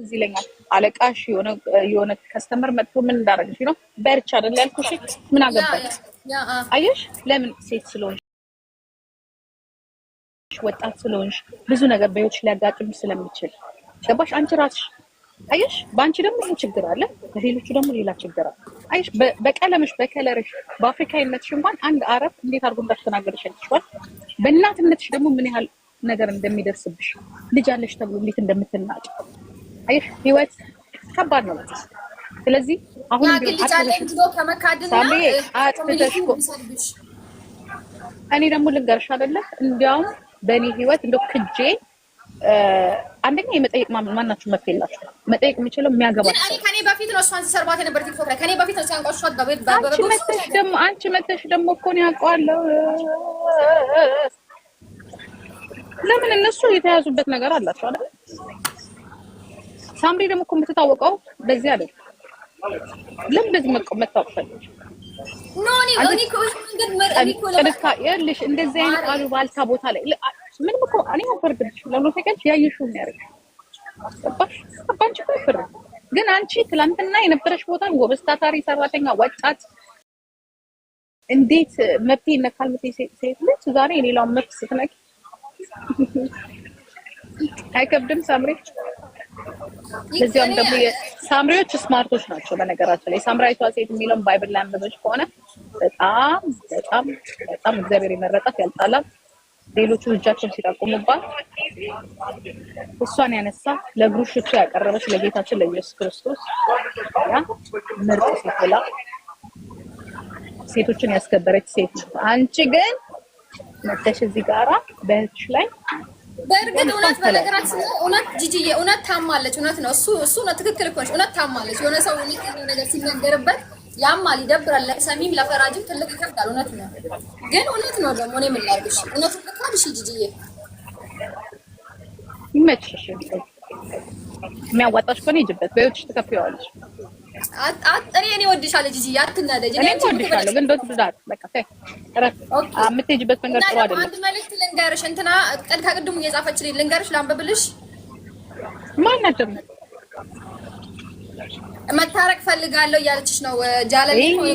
እዚህ ይለኛል አለቃሽ የሆነ ከስተመር መጥቶ ምን እንዳደረግሽ ነው በርቻ አይደል ያልኩሽ። ምን አገባሽ? አየሽ፣ ለምን ሴት ስለሆንሽ ወጣት ስለሆንሽ ብዙ ነገር በህይወትሽ ሊያጋጥም ስለሚችል ገባሽ? አንቺ ራስሽ አየሽ። በአንቺ ደግሞ ይሄ ችግር አለ፣ በሌሎቹ ደግሞ ሌላ ችግር አለ። አየሽ፣ በቀለምሽ፣ በከለርሽ፣ በአፍሪካዊነትሽ እንኳን አንድ አረብ እንዴት አድርጎ እንዳስተናገደሽ አይተሽዋል። በእናትነትሽ ደግሞ ምን ያህል ነገር እንደሚደርስብሽ ልጅ አለሽ ተብሎ እንዴት እንደምትናጭ አየሽ ህይወት ከባድ ነው። ማለት ስለዚህ አሁን እኔ ደግሞ ልንገርሽ አይደለ እንዲያውም በእኔ ህይወት እንደ ክጄ አንደኛ የመጠየቅ ማናችሁ መብት የላችሁ። መጠየቅ የሚችለው የሚያገባቸው ከኔ በፊት ነው። እሷን ሲሰርባት የነበር ቲክቶክ ከኔ በፊት ነው ደግሞ አንቺ መተሽ ደግሞ እኮ ለምን እነሱ የተያዙበት ነገር አላቸው አይደል ሳምሪ ደግሞ እኮ የምትታወቀው በዚህ አይደል? ለምን በዚህ መታወቅፈል ልሽ እንደዚህ አይነት አሉ ባልታ ቦታ ላይ ምንም እኮ እኔ ለሁለት ግን አንቺ ትላንትና የነበረሽ ቦታን ጎበዝ፣ ታታሪ ሰራተኛ፣ ወጣት እንዴት መብት ይነካል? መብት ሴት ልጅ ዛሬ የሌላውን መብት ስትነቂ አይከብድም ሳምሬ እዚያም ደግሞ ሳምሪዎች ስማርቶች ናቸው። በነገራችን ላይ ሳምራዊቷ ሴት የሚለውን ባይብል ላይ አንብበሽ ከሆነ በጣም በጣም በጣም እግዚአብሔር የመረጣት ያልጣላት ሌሎቹ እጃቸውን ሲጠቁሙባት እሷን ያነሳ ለእግሩ ያቀረበች ለጌታችን ለኢየሱስ ክርስቶስ ያ ምርጥ ሴት ብላ ሴቶችን ያስከበረች ሴት። አንቺ ግን መተሽ እዚህ ጋራ በህች ላይ በእርግጥ እውነት በነገራችን እውነት ጂጂዬ እውነት ታማለች። እውነት ነው እሱ እሱ ነው ትክክል እኮ እውነት ታማለች። የሆነ ሰው ነገር ሲነገርበት ያማል፣ ይደብራል። ለሰሚም ለፈራጅም ትልቅ ይከብዳል። እውነት ነው ግን እውነት ነው ደግሞ እኔ ምን ላድርግሽ? ልካልሽ ጂጂዬ ይመችሽ። የሚያዋጣሽ ከሆነ ሂጂበት በዮትሽ ትከፍይዋለሽ እኔ እኔ የምትሄጂበት መንገድ ጥሩ አይደለም። አንድ መልዕክት ልንገርሽ፣ እንትና ቀድታ ቅድሙ እየጻፈችልኝ ልንገርሽ፣ ላንብብልሽ። ማናት ደግሞ መታረቅ ፈልጋለሁ እያለችሽ ነው። ጃለል ነው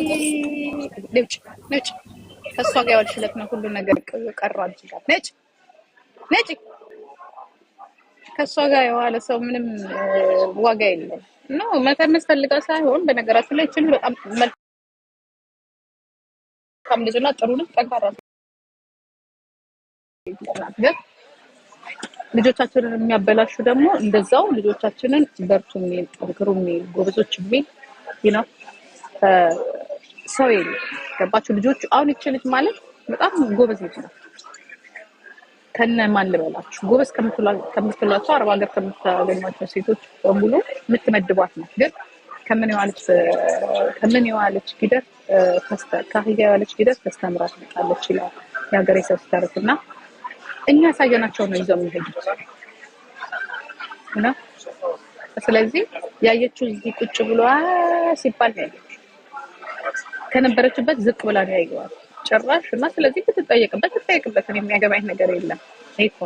ከእሷ ጋር ያልሽለት ነው ሁሉ ነገር ቀራ ነጭ ነጭ ከእሷ ጋር የዋለ ሰው ምንም ዋጋ የለም። ኖ መተነስ ፈልጋ ሳይሆን በነገራችን ላይ ችሉ በጣም መልካም ልጅ እና ጠንካራ ግን ልጆቻችንን የሚያበላሹ ደግሞ እንደዛው ልጆቻችንን በርቱ የሚል ጠንክሩ የሚል ጎበዞች የሚል ይነው ሰው የለ ገባችሁ ልጆቹ አሁን ይችልች ማለት በጣም ጎበዝ ልጅ ነው። ከነ ማን ልበላችሁ ጎበዝ ከምትሏቸው አረብ ሀገር ከምታገኟቸው ሴቶች በሙሉ የምትመድቧት ነው። ግን ከምን የዋለች ከምን የዋለች ጊደር ከአህያ የዋለች ጊደር ተስተምራ ትመጣለች ይላል የሀገር ሰው ሲተርት እና እኛ ያሳየናቸው ነው ይዘው የሚሄዱት እና ስለዚህ ያየችው እዚህ ቁጭ ብሎ ሲባል ነው ያየችው። ከነበረችበት ዝቅ ብላ ነው ያየዋል። ጭራሽ እና ስለዚህ ብትጠየቅበት ትጠየቅበት የሚያገባኝ ነገር የለም። ይኮ